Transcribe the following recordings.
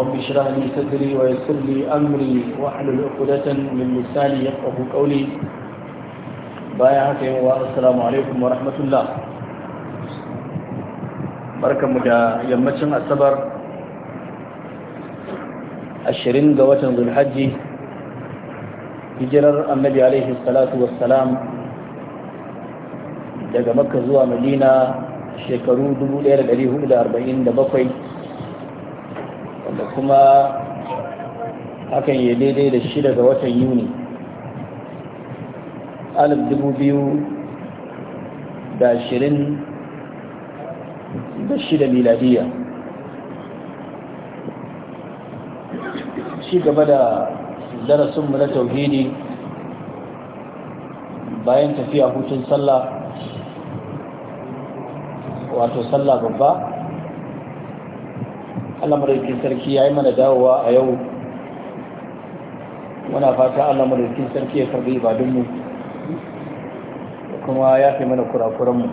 رب اشرح لي صدري ويسر لي امري واحلل عقدة من لساني يفقه قولي بايع والسلام عليكم ورحمة الله بركة مدى يمتشن السبر الشرين قوة ذو الحج hijirar annabi alaihi salatu wassalam daga makka zuwa madina shekaru 1447 da kuma hakan ya daidai da shi ga watan yuni alif dubu biyu da ashirin da shida miladiya shi gaba da darasinmu na tauhidi bayan tafiya hutun sallah wato sallah babba Allah madaukakin sarki yi mana dawowa a yau muna fata Allah sarki ya karbi ibadunmu kuma ya fi mana kurakuranmu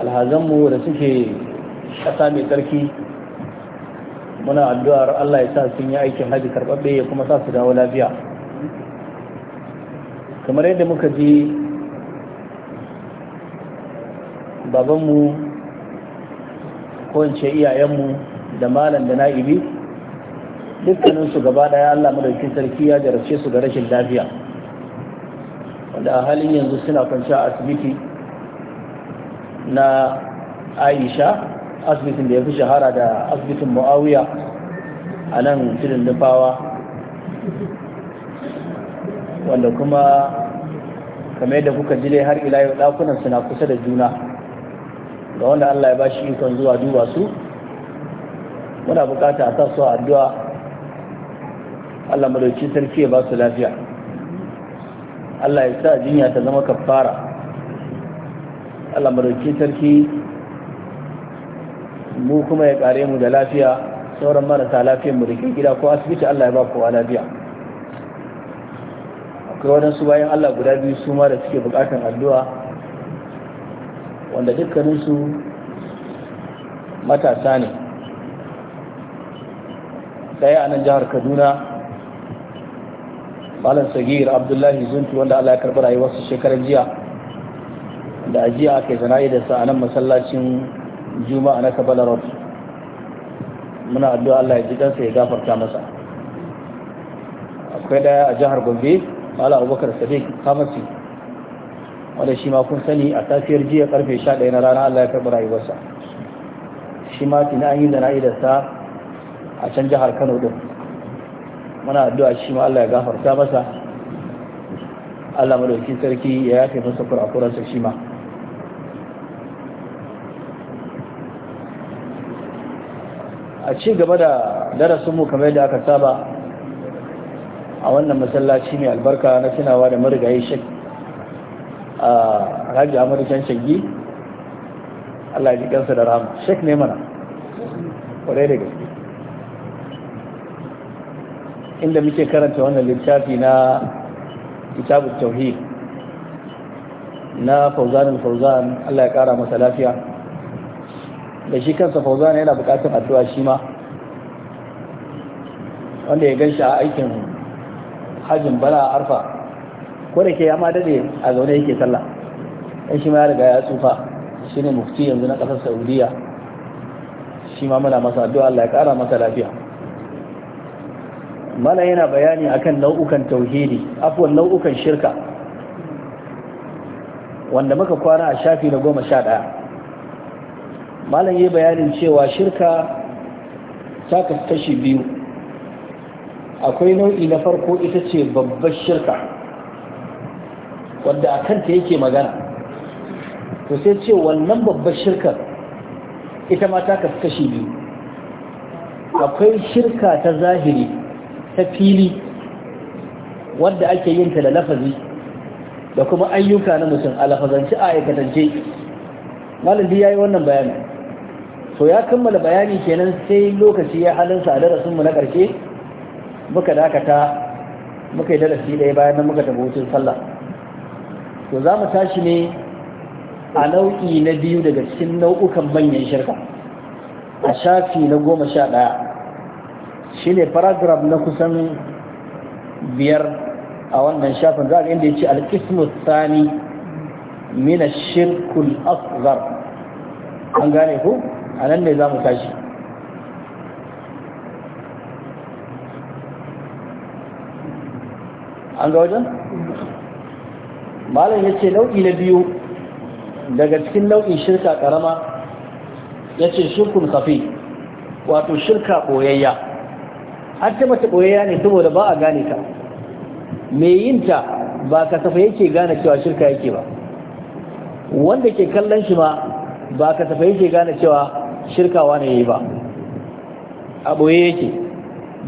alhazanmu da suke ƙasa mai sarki muna addu'ar Allah ya sa sun yi aikin haji karɓaɓɓe ya kuma sa su dawo lafiya kamar yadda muka ji babanmu ko in ce iyayenmu da malam da na'ibi dukkanin su gaba daya Allah madaukakin sarki ya jarabce su ga rashin lafiya wanda a halin yanzu suna kwanciya a asibiti na Aisha asibitin da ya fi shahara da asibitin Muawiya a nan cikin nufawa wanda kuma kamar yadda kuka dai har ila yau na suna kusa da juna ga wanda Allah ya bashi ikon zuwa duba su muna bukata a sassu a addu'a Allah madauki sarki ya ba su lafiya Allah ya sa jinya ta zama kafara Allah madauki sarki mu kuma ya kare mu da lafiya sauran marasa lafiyar mu da ke gida ko asibiti Allah ya ba kowa lafiya akwai waɗansu bayan Allah guda biyu su ma da suke bukatan addu'a wanda su matasa ne ɗaya a nan jihar kaduna malam sagir abdullahi zunti wanda allah ya karɓi rayuwarsa shekaran jiya da a jiya aka yi zanayi da sa a nan masallacin juma'a na kabbalar road muna addu'a allah ya ji ɗansa ya gafarta masa akwai ɗaya a jihar gombe malam abubakar sadiq hamasi wanda shi ma kun sani a safiyar jiya karfe 11 na rana Allah ya karɓi rayuwarsa shi ma tuni an yi jana'idarsa a can jihar Kano din muna addu'a shi ma Allah ya gafarta masa Allah madauki sarki ya yafe masa kurakuransa shi ma a ci gaba da darasinmu kamar yadda aka saba a wannan masallaci mai albarka na tunawa da marigayi shek a Alhaji Amadu Can Shaggi Allah ya ji kansa da rahama Sheikh ne mana kwarai da gaske inda muke karanta wannan littafi na kitabu Tauhi na fauzanin Fauzan Allah ya kara masa lafiya da shi kansa Fauzan yana bukatar addu'a shi ma wanda ya ganshi a aikin hajjin bala arfa ko da ke ya ma dade a zaune yake sallah dan shi ma ya riga ya tsufa shine mufti yanzu na kasar Saudiya shi ma muna masa addu'a Allah ya kara masa lafiya mala yana bayani akan nau'ukan tauhidi afwan nau'ukan shirka wanda muka kwana a shafi na goma sha ɗaya malam yi bayanin cewa shirka ta kashi biyu akwai nau'i na farko ita ce babbar shirka wanda a kanta yake magana to sai ce wannan babbar shirkar ita ma ta kasu kashi biyu akwai shirka ta zahiri ta fili wadda ake yin ta da lafazi da kuma ayyuka na mutum a lafazanci a aikatance malin ya yi wannan bayani so ya kammala bayani kenan sai lokaci ya halinsa a darasin mu na ƙarshe muka dakata muka yi darasi ɗaya bayan nan muka tafi sallah to za mu tashi ne a nau'i na biyu daga cikin nau'ukan manyan shirka a shafi na goma sha ɗaya shi ne paragraf na kusan biyar a wannan shafin za a inda ya ce alkismus sani mina shirkul asgar an gane ku a nan ne za mu tashi an ga wajen? malam ya ce nau'i na biyu daga cikin nau'in shirka karama ya ce shirkun kafi wato shirka ɓoyayya an ce mata ɓoyayya ne saboda ba a gane ta mai yin ta ba kasafa yake gane cewa shirka yake ba wanda ke kallon shi ma ba kasafa yake gane cewa shirkawa ne yi ba a ɓoye yake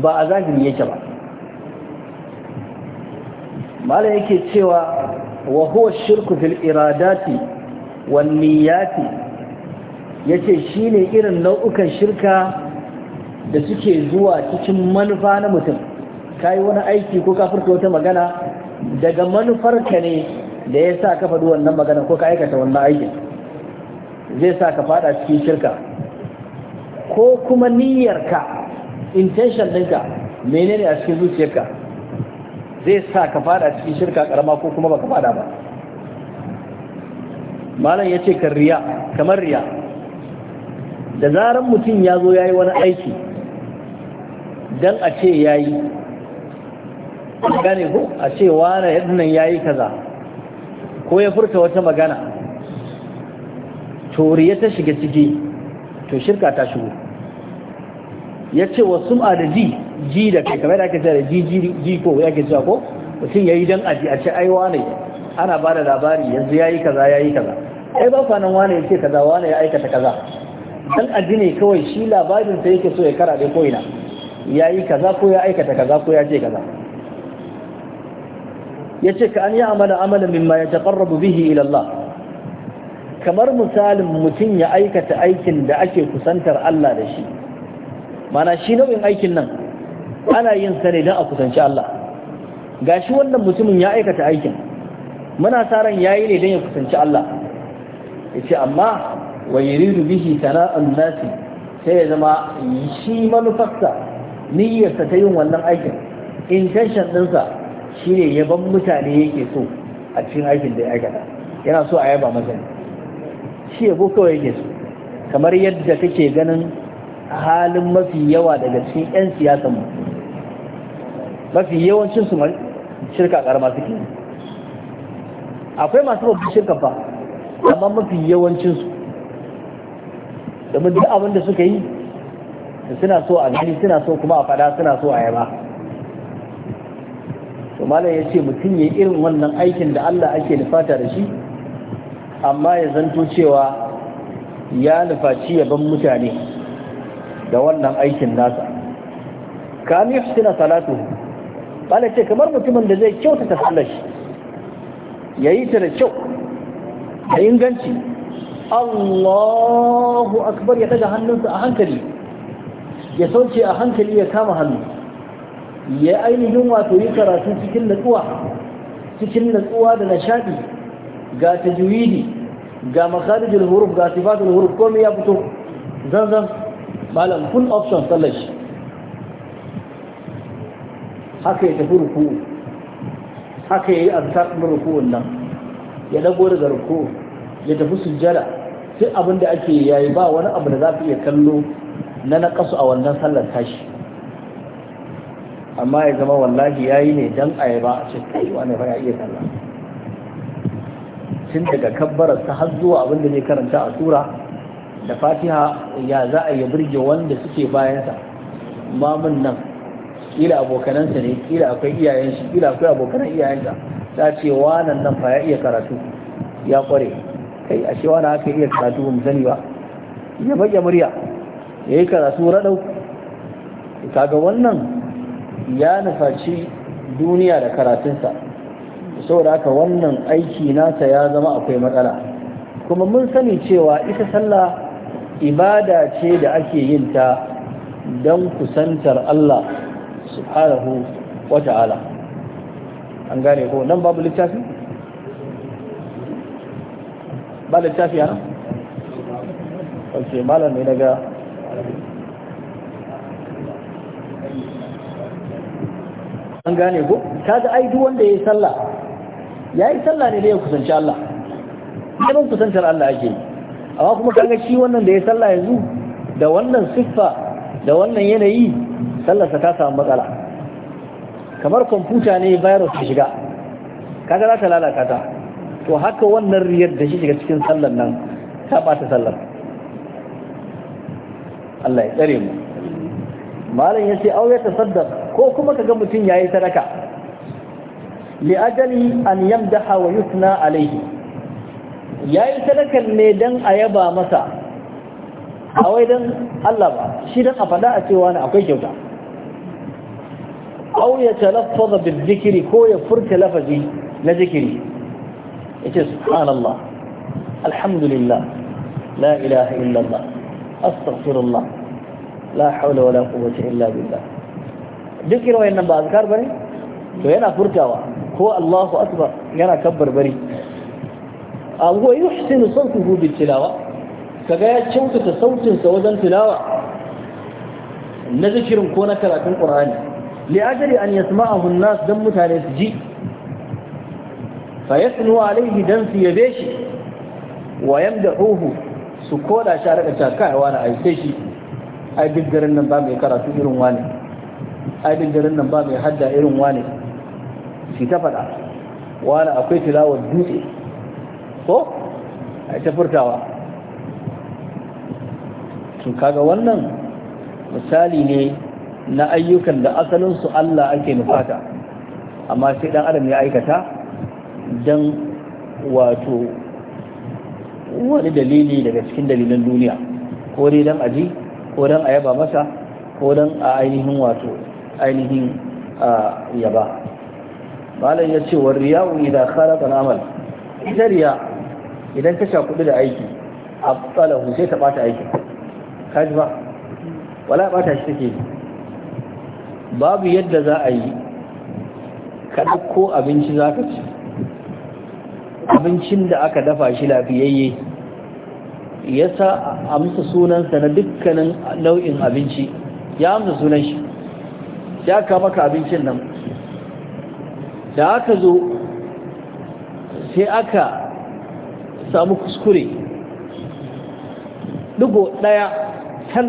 ba a zahiri yake ba malam yake cewa وهو الشرك في fil iradati wal yace shine irin nau'ukan shirka da suke zuwa cikin manufa na mutum kai wani aiki ko ka wata magana daga manufar ka ne da ya sa ka faɗi wannan magana ko ka aikata wannan aikin zai sa ka faɗa cikin shirka ko kuma niyyarka intention ɗinka menene a cikin zuciyarka zai sa ka fada cikin shirka karama ko kuma baka fada ba malam yace kan riya kamar riya da zaran mutum yazo yayi wani aiki dan a ce yayi gane ko a ce wani hidinan yayi kaza ko ya furta wata magana to riya ta shiga ciki to shirka ta shigo yace wasu sum'a da ji ji da kai kamar da ake cewa ji ji ji ko ya ke cewa ko mutum yayi dan aji a ce ai wane ana ba da labari yanzu yayi kaza yayi kaza ai ba kwanan wane ya ce kaza wane ya aikata kaza dan aji ne kawai shi labarin sa yake so ya kara dai koina ya yayi kaza ko ya aikata kaza ko ya ce kaza yace ka an yi amala amalan mimma yataqarrabu bihi ila Allah kamar misalin mutum ya aikata aikin da ake kusantar Allah da shi mana shi nau'in aikin nan ana yin sa ne don a kusanci Allah ga shi wannan mutumin ya aikata aikin muna sa ran yayi ne don ya kusanci Allah yace amma wa yuridu bihi sana'an nasi sai ya zama shi manufarsa niyyarsa ta yin wannan aikin intention ɗinsa shine yaban mutane yake so a cikin aikin da ya aikata yana so a yaba masa shi yabo kawai yake so kamar yadda kake ganin halin mafi yawa daga cikin 'yan siyasanmu mafi yawancin su shirka karama suke akwai masu babban shirka fa amma mafi yawancin su domin duk abin da suka yi suna so a gani suna so kuma a fada suna so a yaba to malam ya ce mutum ya irin wannan aikin da Allah ake nufata da shi amma ya zanto cewa ya nufaci yaban mutane da wannan aikin nasa kami suna salatu bala ce kamar mutumin da zai kyautata sallar shi yayi ta da kyau da inganci Allahu akbar ya daga hannunsa a hankali ya sauke a hankali ya kama hannu ya ainihin wato yi karatu cikin natsuwa cikin natsuwa da nishaɗi ga tajwidi ga makharijul huruf ga sifatul huruf komai ya fito zanzan malam full option sallar shi haka ya tafi ruku'u haka ya yi azkar ɗin ruku'un nan ya dago daga ruku'u ya tafi sujjada sai abin da ake yayi ba wani abu da za ka iya kallo na naƙasu a wannan sallar tashi amma ya zama wallahi ya yi ne don ayaba a ce kai wani fa ya iya sallah tun daga kabbarar ta har zuwa abin da zai karanta a tura da fatiha ya za a yi birge wanda suke bayansa mamun nan kila abokanansa ne kila akwai iyayen shi kila akwai abokanan iyayen da ta ce wannan nan fa ya iya karatu ya kware kai a shi wani haka iya karatu ba mu sani ba ya baƙe murya ya yi karatu raɗau kaga wannan ya nufaci duniya da karatunsa saboda haka wannan aiki nasa ya zama akwai matsala kuma mun sani cewa ita sallah ibada ce da ake yin ta don kusantar Allah subhanahu wa ta'ala an gane ko nan babu littafi ba littafi ana ok malam ne daga an gane ko kaga ai duk wanda yayi sallah yayi sallah ne da ya kusanci Allah irin kusantar Allah ake yi amma kuma kaga shi wannan da ya sallah yanzu da wannan siffa da wannan yanayi sallarsa ta samu matsala kamar kwamfuta ne virus ya shiga kaga za ta lalata ta to haka wannan riyar da shi shiga cikin sallar nan ta ɓata sallar Allah ya tsare mu malam ya ce auya ta saddar ko kuma ka ga mutum ya yi sadaka li'ajali an yamdaha wa yusna alaihi ya yi sadakan ne don a yaba masa a wai Allah ba shi don a faɗa a cewa na akwai kyauta aw ya talaffaza bil zikri ko ya furta lafazi na zikiri yace subhanallah alhamdulillah la ilaha illa allah astaghfirullah la hawla wala quwwata illa billah zikirin wayannan ba azkar bane to yana ko Allahu akbar yana kabbar bari abu yuhsinu sautuhu bil tilawa kaga ya kyautata sautinsa wajen tilawa na zikirin ko na karatun qur'ani li'ajali an yasma'ahu an-nas dan mutane su ji fa yasnu alayhi dan su yabe shi wa yamdahuhu su koda shi a rika ta kai wani ai sai shi ai duk garin nan ba mai karatu irin wani ai duk garin nan ba mai hadda irin wani shi ta faɗa wani akwai tilawar dutse ko ai ta furtawa to kaga wannan misali ne na ayyukan da asalinsu Allah ake nufata amma sai dan adam ya aikata don wato wani dalili daga cikin dalilan duniya ko dai don aji ko don a yaba masa ko don a ainihin wato ainihin yaba malam ya ce war riya'u idan khalaqa amal ita riya idan ka sha kudu da aiki abtalahu sai ta bata aiki kaji ba wala bata shi take babu yadda za a yi ka ɗauko abinci za ka ci abincin da aka dafa shi lafiyayye ya sa amsa sunansa na dukkanin nau'in abinci ya amsa sunan shi ya kama ka abincin nan da aka zo sai aka samu kuskure dugo ɗaya kan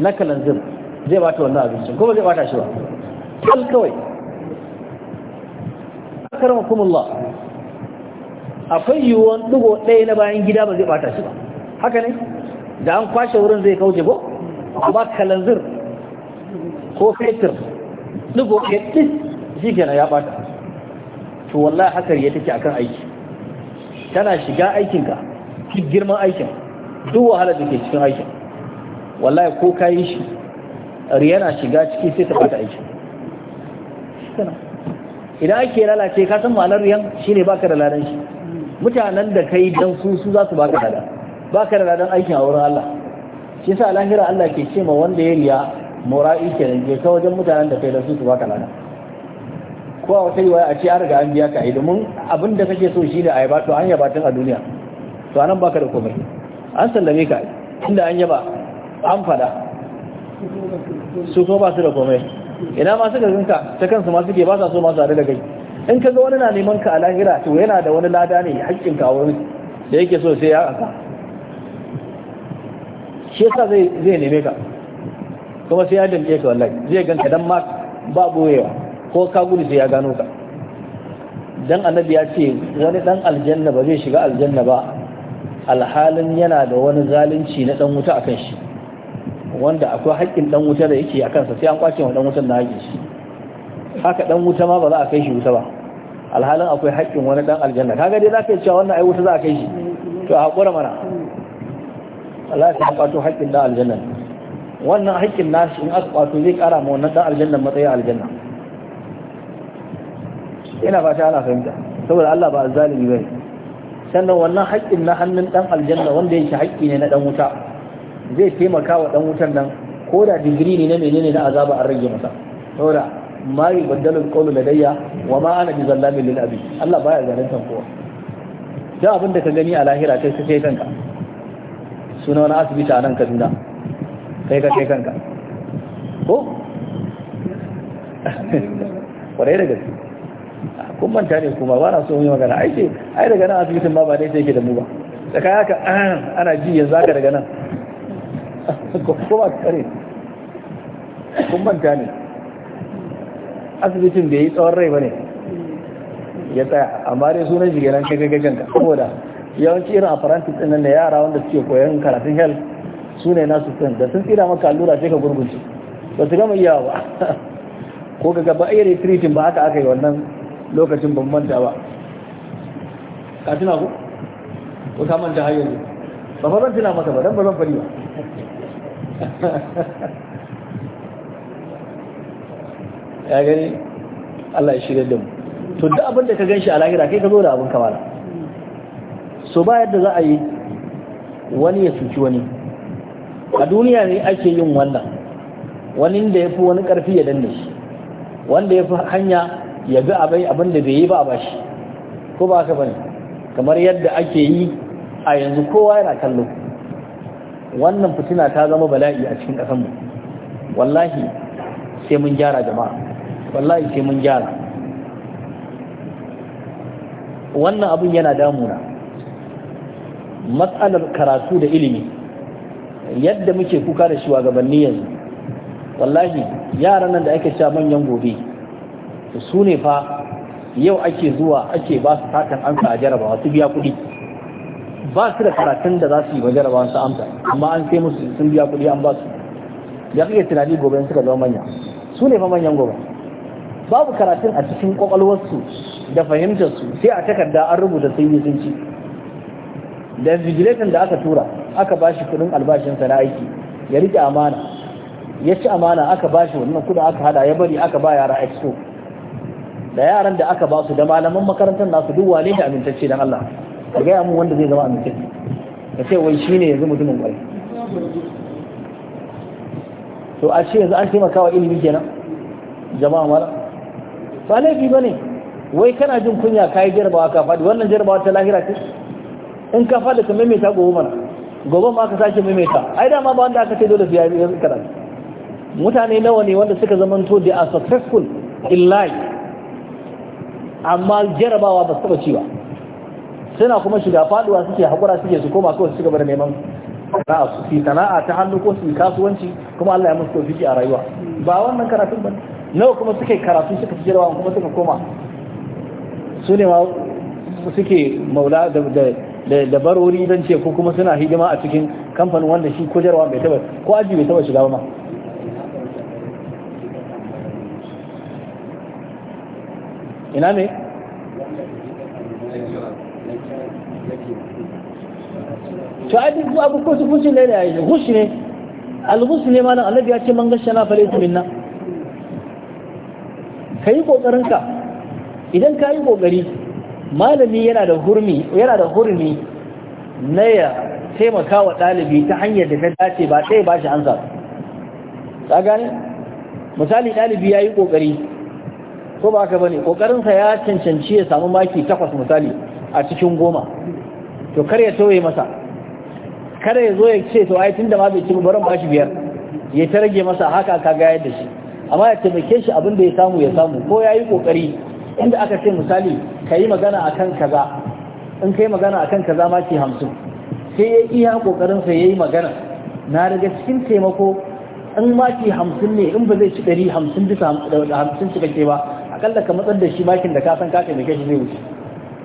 na kalanzir zai bata wannan abincin ko zai bata shi ba tal kawai kumulla akwai yiwuwan dugo ɗaya na bayan gida ba zai bata shi ba haka ne da an kwashe wurin zai kauce ko ba kalanzir ko fetur dugo ya ɗi shi kenan ya bata to wallahi hakar ya take akan aiki tana shiga aikinka duk girman aikin duk wahala da ke cikin aikin wallahi ko kayi shi riya na shiga ciki sai ta bata aiki idan ake lalace ka san ma'anar riyan shine baka da ladan shi mutanen da kai dan su su za su baka ladan baka da ladan aikin a wurin Allah shi yasa lahira Allah ke ce ma wanda ya riya mura'i kenan je ka wajen mutanen da kai da su su baka ladan ko a wata riwaya a ce an riga an biya ka domin abin da kake so shine a yaba to an yaba tun a duniya to anan baka da komai an sallame ka inda an yaba an fada su kuma ba su da komai ina ma suka ka ta kansu ma suke ba sa so masu da kai in ka ga wani na neman ka a lahira to yana da wani lada ne haƙƙin ka wurin da yake so sai ya aka shi yasa zai zai neme ka kuma sai ya danke ka wallahi zai ganka dan ma ba boyewa ko ka gudu sai ya gano ka dan annabi ya ce wani dan aljanna ba zai shiga aljanna ba alhalin yana da wani zalunci na dan wuta akan shi wanda akwai haƙƙin ɗan wuta da yake a kansa sai an kwace wa ɗan wutan da haƙƙi shi haka ɗan wuta ma ba za a kai shi wuta ba alhalin akwai haƙƙin wani ɗan aljanna kaga dai za ka yi cewa wannan ai wuta za a kai shi to a haƙura mana Allah ya kwato haƙƙin ɗan aljanna wannan haƙƙin nashi in aka kwato zai ƙara ma wannan ɗan aljanna matsayin aljanna ina fata ana fahimta saboda Allah ba azzalimi bane sannan wannan haƙƙin na hannun ɗan aljanna wanda yake haƙƙi ne na ɗan wuta zai taimaka wa dan wutan nan ko da digiri ne na menene na azaba an rage masa saboda ma yubaddalu alqawlu ladayya wa ma ana bizallamin lil abi Allah baya zalunta kowa da abin da ka gani a lahira kai sai kai kanka suna wani asibiti a nan Kaduna kai ka kai kanka ko kwarai da gaske kun manta ne kuma ba na so yi magana ai ce ai daga nan asibitin ba ba dai sai ke da mu ba da kaya ka ana ji yanzu ka daga nan ko ba kare kun manta ne asibitin da yi tsawon rai ba ne ya tsaya amma dai sunan shi kenan kai gaggagen ka saboda yawanci irin apprentice din nan da yara wanda suke koyon karatun hel su ne nasu sun da sun tsira maka allura sai ka gurgunci ba su gama iya ba ko ga gaba iya treating ba haka aka yi wannan lokacin ban manta ba ka tuna ku ko ta manta har yanzu ba fa zan tuna masa ba dan ba zan fari ba ya gani Allah ya shirya da mu to duk abin da ka ganshi a lahira kai ka zo da abin kamala so ba yadda za a yi wani ya suci wani a duniya ne ake yin wannan wani da ya fi wani karfi ya danne shi wanda ya fi hanya ya bi abin da bai yi ba ba bashi ko ba ka bane kamar yadda ake yi a yanzu kowa yana kallo wannan fitina ta zama bala'i a cikin kasar mu wallahi sai mun gyara jama'a wallahi sai mun gyara wannan abun yana damuna matsalar karatu da ilimi yadda muke kuka da shugabanni yanzu wallahi yaran nan da ake cewa manyan gobe su ne fa yau ake zuwa ake ba su fatan an sa a jarabawa su biya kuɗi ba su da karatun da za su yi wajen ba su amsa amma an sai musu sun biya kuɗi an ba su ya kake tunani gobe suka zama manya su ne fa manyan gobe babu karatun a cikin kwakwalwarsu da fahimtarsu sai a takarda an rubuta sun yi sun ci da vigilatin da aka tura aka ba shi kuɗin albashinsa na aiki ya rike amana ya ci amana aka ba shi wannan kuɗin aka hada ya bari aka ba yara expo da yaran da aka ba su da malaman makarantar nasu duk wane da amintacce dan Allah ka gaya mu wanda zai zama a mutum ka ce wai shi ne yanzu mutumin ƙwarai to a ce yanzu an taimaka wa ilimi kenan jama'a mara ba laifi ba ne wai kana jin kunya ka yi jarabawa ka faɗi wannan jarabawa ta lahira ce in ka faɗi ka maimaita gobe mana gobe ma ka sake maimaita ai dama ba wanda aka ce dole su yi karatu mutane nawa ne wanda suka to da a successful in life amma jarabawa ba su taɓa ci ba suna kuma shiga faduwa suke hakura suke su koma kawai su gaba da neman ra'a su fi sana'a ta hannu ko su kasuwanci kuma Allah ya musu tofiki a rayuwa ba wannan karatun ba nawa kuma suke karatu suka fi jirawa kuma suka koma su ne ma suke maula da barori don ce ko kuma suna hidima a cikin kamfanin wanda shi ko jarawa bai taba ko aji bai taba shiga ma. ina ne to a duk abu ko su fushi ne da yayi gushi ne al-gushi ne malam annabi ya ce man gashana fa laysa minna kai kokarin ka idan ka yi kokari malami yana da hurmi yana da hurmi na ya taimaka wa ɗalibi ta hanyar da ta dace ba sai ba shi ansa ka gane misali ɗalibi ya yi kokari ko ba haka bane kokarinsa ya cancanci ya samu maki takwas misali a cikin goma to kar ya toye masa kada ya zo ya ce to ai tunda ma bai ci bari ba shi biyar ya ta rage masa haka ka ga yadda shi amma ya taimake shi abin da ya samu ya samu ko ya yi kokari inda aka ce misali ka yi magana a kan kaza in ka yi magana a kan kaza ma ce hamsin sai ya iya kokarin ya yi magana na daga cikin taimako in ma ce hamsin ne in ba zai ci ɗari hamsin bisa hamsin suka ce ba akalla ka matsar da shi makin da ka san ka taimake shi zai wuce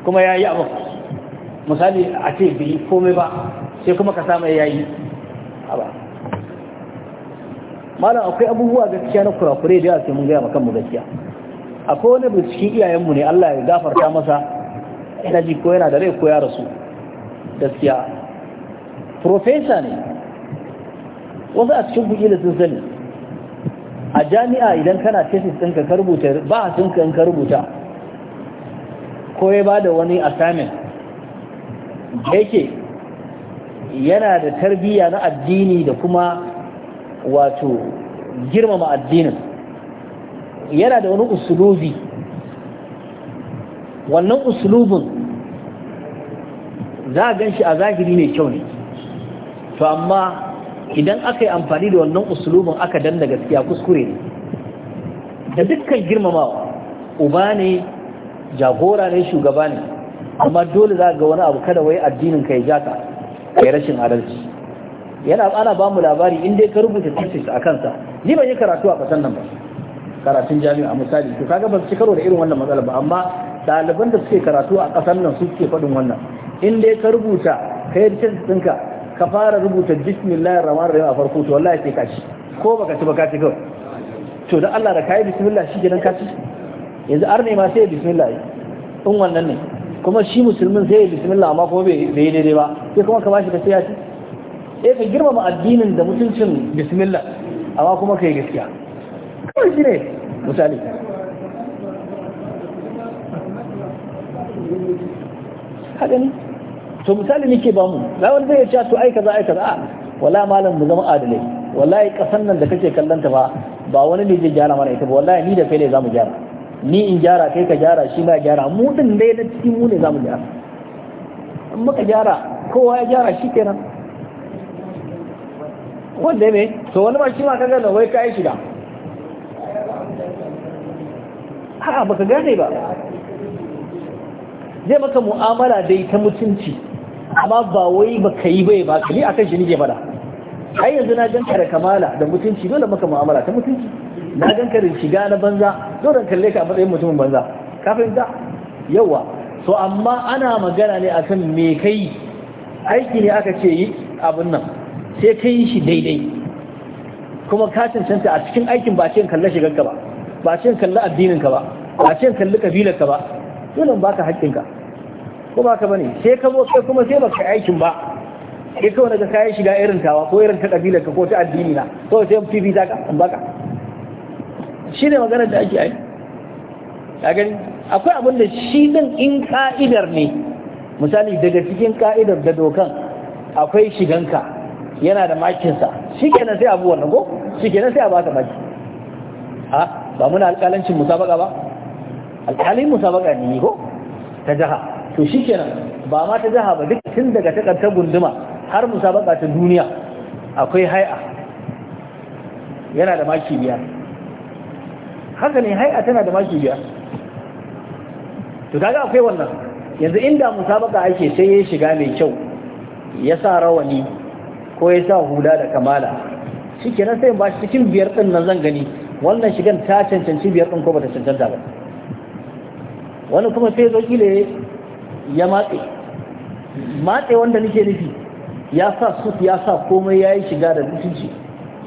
kuma ya yi misali a ce bai komai ba sai kuma ka samu yayi haba malam akwai abubuwa gaskiya na kurakure da sai mun gaya maka mu gaskiya akwai wani da iyayen iyayenmu ne Allah ya gafarta masa ina ji ko yana da rai ko ya rasu gaskiya profesa ne wasu a cikin kuɗi da sun sani a jami'a idan kana thesis ɗinka ka rubuta ba a cinka kan ka rubuta ko ya ba da wani assignment da yake yana da tarbiyya na addini da kuma wato girmama addinin yana da wani usulubi wannan usulubin za a ganshi a zahiri mai kyau ne to amma idan aka yi amfani da wannan usulubin aka danna gaskiya kuskure ne da dukkan girmamawa uba ne jagora ne shugaba ne amma dole za ga wani abu kada wai addinin ka ya jaka kai rashin adalci yana ana ba mu labari in dai ka rubuta thesis a kansa ni ban yi karatu a kasan nan ba karatun jami'a misali to kaga ba su ci karo da irin wannan matsala ba amma ɗaliban da suke karatu a kasan nan su suke faɗin wannan in dai ka rubuta kai thesis ɗinka ka fara rubuta bismillahir rahmanir rahim a farko to wallahi sai ka ci ko baka ci ba ka ci kawai to dan Allah da kai bismillah shi kenan ka ci yanzu arne ma sai bismillah in wannan ne kuma shi musulmin sai ya bismillah amma kuma bai yi daidai ba sai kuma ka bashi ka sai ya ci eh ka girmama addinin da mutuncin bismillah amma kuma ka yi gaskiya kawai shi ne misali haka ne to misali nake ba mu ba wani zai ce to ai kaza ai kaza wala malam mu zama adalai wallahi kasan nan da kake kallanta ba ba wani ne zai gyara mana ita ba wallahi ni da kai ne zamu gyara ni in gyara kai ka gyara shi ba gyara mu din dai na cikin mu ne zamu gyara in muka gyara kowa ya gyara shi kenan wanda me to wani ma shi ma kaga da wai kai shiga a'a baka gane ba zai maka mu'amala dai ta mutunci amma ba wai baka yi bai ba kali akan shi nige fada ai yanzu na ganka da kamala da mutunci dole maka mu'amala ta mutunci na ganka da shiga na banza dole kalle ka a matsayin mutumin banza ka fahimta yawa so amma ana magana ne akan me kai aiki ne aka ce yi abin nan sai ka yi shi daidai kuma ka cancanta a cikin aikin ba ce kalle shigarka ba ba ce kalle addininka ba ba ce kalle ka ba dole ba ka haƙƙinka ko ba ka bane sai ka zo kai kuma sai ba ka aikin ba sai kawai daga kayan shiga irin tawa ko irin ta ka ko ta addini na, kawai sai fifi ta ka ka. shi ne maganar da ake yi a gani akwai abin da shi din in ka'idar ne misali daga cikin ka'idar da dokan akwai shiganka yana da makinsa shi kenan sai abu wannan ko shi kenan sai a baka maki a ba muna alƙalancin musabaka ba alƙalin musabaka ne ko ta jaha to shi kenan ba ma ta jaha ba duk tun daga ta ƙarta gunduma har musabaka ta duniya akwai hai'a yana da maki biyar haka ne hai'a tana da maki biya to kaga akwai wannan yanzu inda musabaka ake sai ya shiga mai kyau ya sa rawani ko ya sa hula da kamala shi kenan sai ba shi cikin biyar din nan zan gani wannan shigan ta cancanci biyar din ko bata cancanta ba wani kuma sai zo kile ya matse matse wanda nake nufi ya sa sut ya sa komai ya yi shiga da mutunci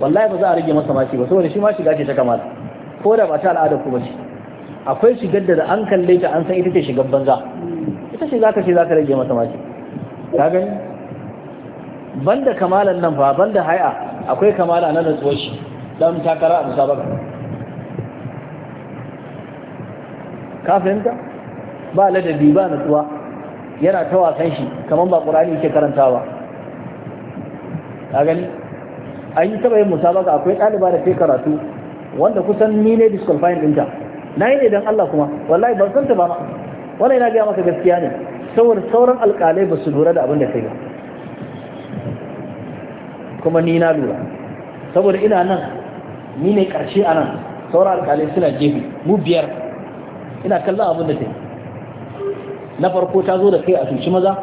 wallahi ba za a rage masa mashi ba saboda shi ma shiga ce ta kamata ko da ba ta al'ada ku bace akwai shigar da an kalle ta an san ita ce shigar banza ita ce zaka ce zaka rage mata maki ka gani banda kamalan nan fa banda haya akwai kamala na nutsuwa shi dan takara a musabaka ka fahimta ba ladabi ba natsuwa yana ta wasan shi kamar ba qur'ani yake karantawa ka gani an yi taba yin musabaka akwai ɗaliba da ke karatu wanda kusan ni ne disqualifying ɗinta na yi ne don Allah kuma wallahi ban san ta ba ma wannan yana gaya maka gaskiya ne saboda sauran alƙalai ba su lura da abin da kai ba kuma ni na lura saboda ina nan ni ne ƙarshe a nan sauran alƙalai suna jefi mu biyar ina kallon abin da ta yi na farko ta zo da kai a tunci maza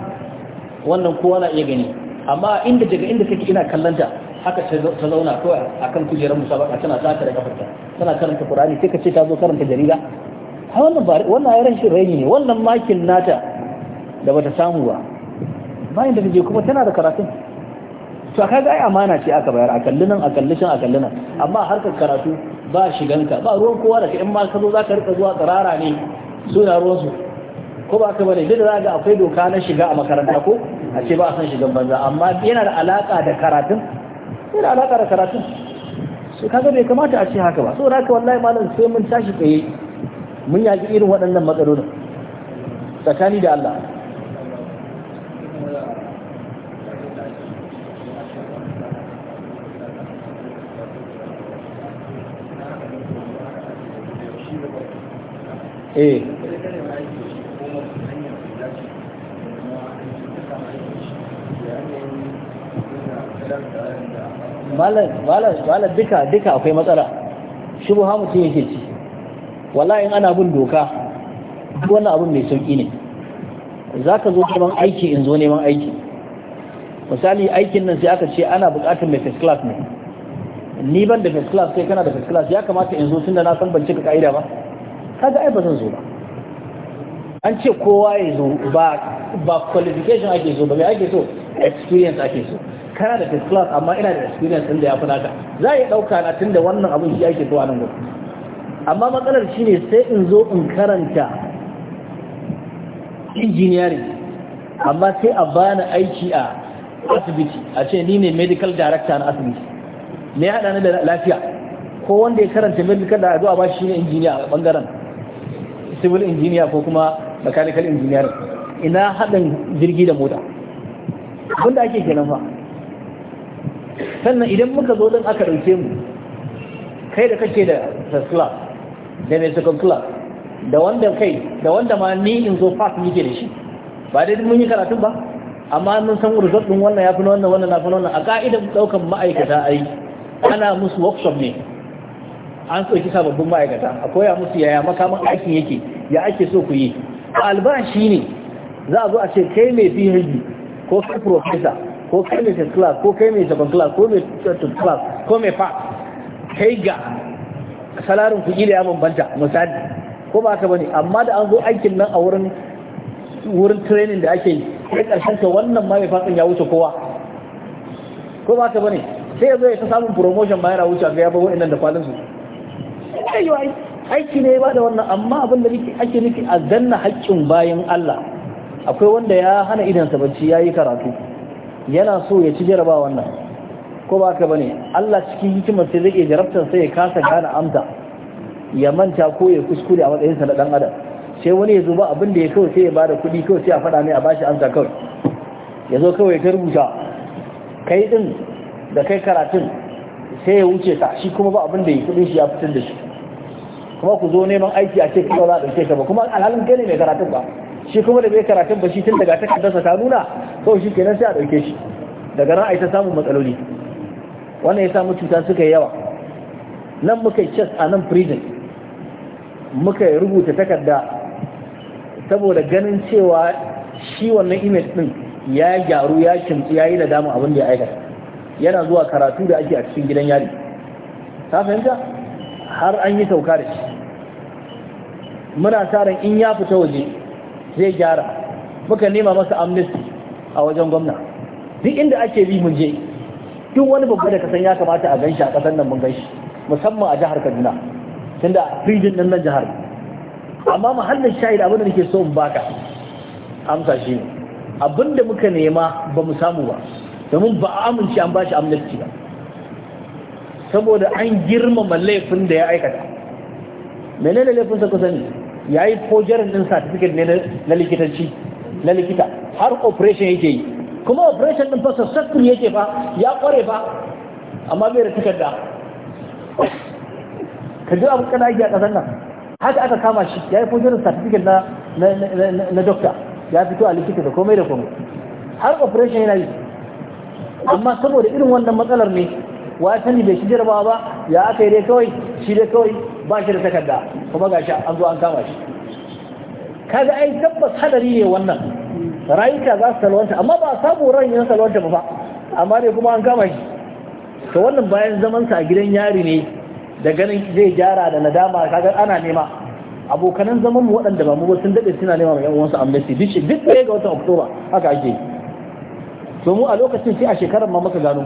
wannan kowa na iya gani amma inda daga inda kake ina kallanta haka ta zauna kawai kan kujerar musabaka tana zata da kafarta tana karanta qur'ani sai ka ce ta zo karanta jarida wannan ba wannan ayar rashin rayi ne wannan makin nata da bata samu ba bayan da je kuma tana da karatun to kaga ai amana ce aka bayar a kalli nan a kalli shan a kalli nan amma harkar karatu ba shiganka ba ruwan kowa da in ma ka zo zaka rika zuwa tsarara ne suna ruwan su ko ba ka bane duk da zaka akwai doka na shiga a makaranta ko a ce ba a san shigan banza amma yana da alaka da karatun sai da alaƙa da karatun su kaga bai kamata a ce haka ba saboda haka wallahi malam sai mun tashi tsaye mun yaƙi irin waɗannan matsalolin tsakani da Allah eh malam duka duka akwai matsala shi buha ce yake ci wallahi in ana bin doka duk wani abin mai sauki ne za ka zo neman aiki in zo neman aiki misali aikin nan sai aka ce ana buƙatar mai first class ne ni ban da first class sai kana da first class ya kamata in zo tun da na san ban cika ka'ida ba kaga ai ba zan zo ba an ce kowa ya zo ba ba qualification ake so ba mai ake so experience ake so kana da first class amma ina da experience din da ya fi ka za ya ɗauka na tun da wannan abin shi ake zuwa nan gudu amma matsalar shi ne sai in zo in karanta engineering amma sai a bani aiki a asibiti a ce ni ne medical director na asibiti me ya haɗa da lafiya ko wanda ya karanta medical da zuwa ba shi ne engineer a ɓangaren civil engineer ko kuma mechanical engineer ina haɗin jirgi da mota abinda ake kenan fa sannan idan muka zo don aka ɗauke mu kai da kake da tesla da mai second class da wanda kai da wanda ma ni in zo fast nike da shi ba dai mun yi karatu ba amma mun san result din wannan ya fi wannan wannan na fi wannan a ka'idar daukan ma'aikata ai ana musu workshop ne an soki sababbin ma'aikata a koya musu yaya makaman aikin yake ya ake so ku yi albashi ne za a zo a ce kai mai phd ko kai professor ko kai ne first class ko kai ne second class ko mai third class ko mai fa kai ga salarin kuɗi da ya bambanta misali ko ba ka bane amma da an zo aikin nan a wurin wurin training da ake yi kai karshen ka wannan ma mai fatsin ya wuce kowa ko ba ka bane sai ya zo ya ta samun promotion bayan a wuce ga ya ba wa'annan da kwalin su aiki ne ba da wannan amma abin da ake nufi a danna haƙƙin bayan Allah akwai wanda ya hana idan bacci ya yi karatu yana so ya ci jaraba wannan ko ba ka bane Allah cikin hikimar sai zai jarabtar sai ya kasa gane amsa ya manta ko ya kuskure a matsayin sa na dan adam sai wani ya zo ba abin da ya kawai sai ya bada kuɗi kawai sai a faɗa mai a bashi amsa kawai ya zo kawai ta rubuta kai din da kai karatun sai ya wuce ta shi kuma ba abin da ya kuɗin shi ya fitar da shi kuma ku zo neman aiki a ce kawai za a ɗauke ka ba kuma alhalin kai ne mai karatun ba shi kuma da bai karatun ba shi tun daga takardarsa ta nuna kawai shi kenan sai a ɗauke shi daga nan a ta samun matsaloli wannan ya samu cuta suka yi yawa nan muka yi chess a nan prison muka rubuta takarda saboda ganin cewa shi wannan email din ya gyaru ya kimtsu ya yi da damu abin da ya aikata yana zuwa karatu da ake a cikin gidan yari ta fahimta har an yi sauka da shi muna sa ran in ya fita waje zai gyara muka nema masa amnesty a wajen gwamna duk inda ake bi mun je duk wani babba da kasan ya kamata a ganshi a kasan nan mun ganshi musamman a jihar Kaduna tunda prison din nan jihar amma muhallin shahid abin da nake so in baka amsa shi ne abinda muka nema ba mu samu ba domin ba a amince an bashi amnesty ba saboda an girmama laifin da ya aikata menene laifin sa kusa ne ya yi fojiyar ɗin certificate ne na likitanci na likita har operation yake yi kuma operation ɗin fasa sakuri yake fa ya kware fa amma bai da ka ji abu kana aiki a ƙasar nan haka aka kama shi ya yi fojiyar certificate na na doctor ya fito a likita da komai da komai har operation yana yi amma saboda irin wannan matsalar ne wa sani bai shi jarabawa ba ya aka yi dai kawai shi dai kawai ba shi da takarda kuma ga shi an zo an kama shi kaga ai tabbas hadari ne wannan rayuka za su salwanta amma ba samu ran yin salwanta ba amma dai kuma an kama shi to wannan bayan zaman sa a gidan yari ne da ganin zai gyara da nadama kaga ana nema abokanan zaman mu waɗanda ba mu ba sun daɗe suna nema ga uwansu amnesty duk duk ɗaya ga watan oktoba haka ake to mu a lokacin sai a shekarar ma muka gano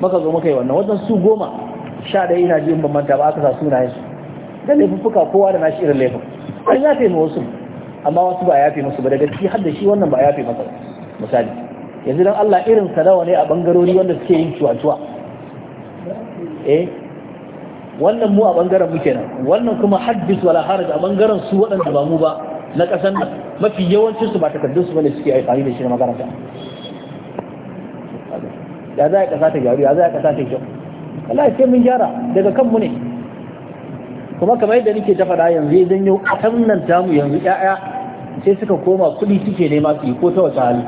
muka zo muka yi wannan wajen su goma sha ɗaya ina ji in ban manta ba aka sa sunayen su da laifuffuka kowa da nashi irin laifin an yafe mu wasu amma wasu ba yafe musu ba daga ciki har da shi wannan ba yafe masa misali yanzu dan Allah irin sadawa ne a bangarori wanda suke yin cuwa-cuwa eh wannan mu a bangaren mu kenan wannan kuma haddis wala haraj a bangaren su waɗanda ba mu ba na ƙasar nan mafi yawancin su ba takardun su bane suke amfani da shi na makaranta ya za a ƙasa ta gyaru ya za a ƙasa ta kyau Allah ce mun gyara daga kanmu ne kuma kamar yadda nake ta faɗa yanzu ya janyo ƙasan nan tamu yanzu 'ya'ya sai suka koma kuɗi suke nema su yi ko ta wata hali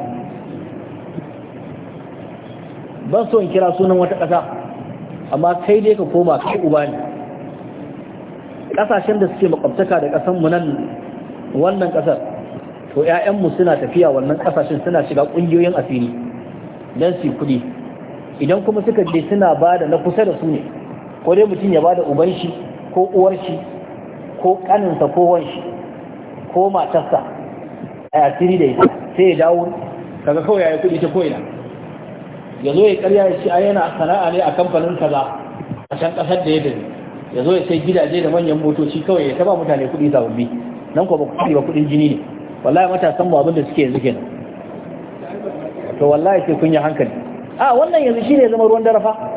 ban so in kira sunan wata ƙasa amma kai dai ka koma kai uba ne ƙasashen da suke makwabtaka da ƙasan mu nan wannan ƙasar to ƴaƴanmu suna tafiya wannan ƙasashen suna shiga ƙungiyoyin asiri don su kuɗi idan kuma suka je suna ba da na kusa da su ne ko dai mutum ya bada uban shi ko uwar shi ko kaninsa ko wanshi ko matarsa a asiri da ita sai ya dawo kaga kawai yayi kudi ta koina ya zo ya karya ya a yana sana'a ne a kamfanin kaza a can kasar da ya dani ya zo ya sai gidaje da manyan motoci kawai ya taba mutane kudi sababbi nan ko ba kudi ba kudin jini ne wallahi matasan mu abin da suke yanzu kenan to wallahi sai kun yi hankali a wannan yanzu shine zama ruwan darafa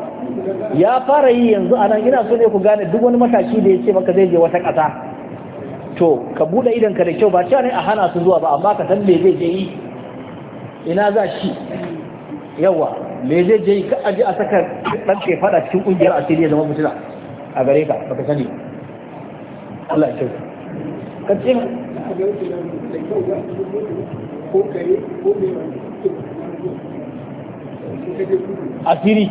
ya fara yi yanzu a nan ina so ne ku gane duk wani mataki da ya ce maka zai je wata ƙasa to ka buɗe idan da kyau ba cewa ne a hana su zuwa ba amma ka san me zai je yi ina za shi yawa me zai je yi ka aje a saka ɗan ke faɗa cikin ƙungiyar asiri ya zama mutuna a gare ka baka sani Allah ya kyauta ka ce asiri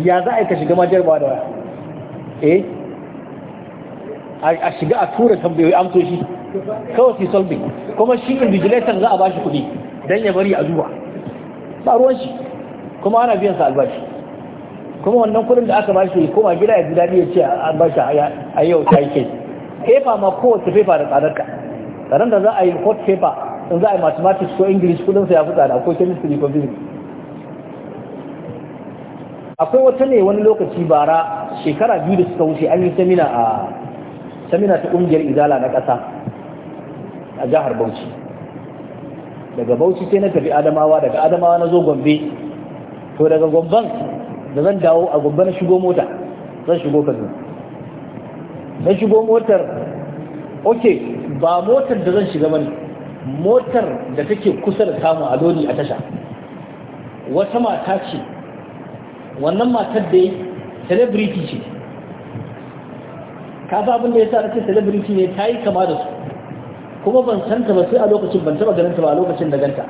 ya za a yi ka shiga ma jarabawa da waya eh a shiga a tura tambayoyi amsoshi kawai su solving kuma shi invigilator za a bashi kuɗi don ya bari a zuwa. ba ruwan shi kuma ana biyan sa albashi kuma wannan kuɗin da aka bashi koma gida ya zidadi ya ce albashi a yau ta yi ke paper ma kowace paper da tsadarka tsaron da za a yi hot paper in za a yi mathematics ko english kuɗin sa ya fi tsada ko chemistry ko physics akwai wata ne wani lokaci bara shekara biyu da suka wuce an yi samina a samina ta ƙungiyar izala na ƙasa a jihar bauchi daga bauchi sai na tafi adamawa daga adamawa na zo gombe to daga gomban da zan dawo a gombe na shigo mota zan shigo kaduna na shigo motar ok ba motar da zan shiga bane motar da take kusa da samu a lodi a tasha wata mata ce wannan matar dai celebrity ce ka abin da ya sa ake celebrity ne ta yi kama da su kuma ban san ta ba sai a lokacin ban taba ganin ta ba a lokacin da ganta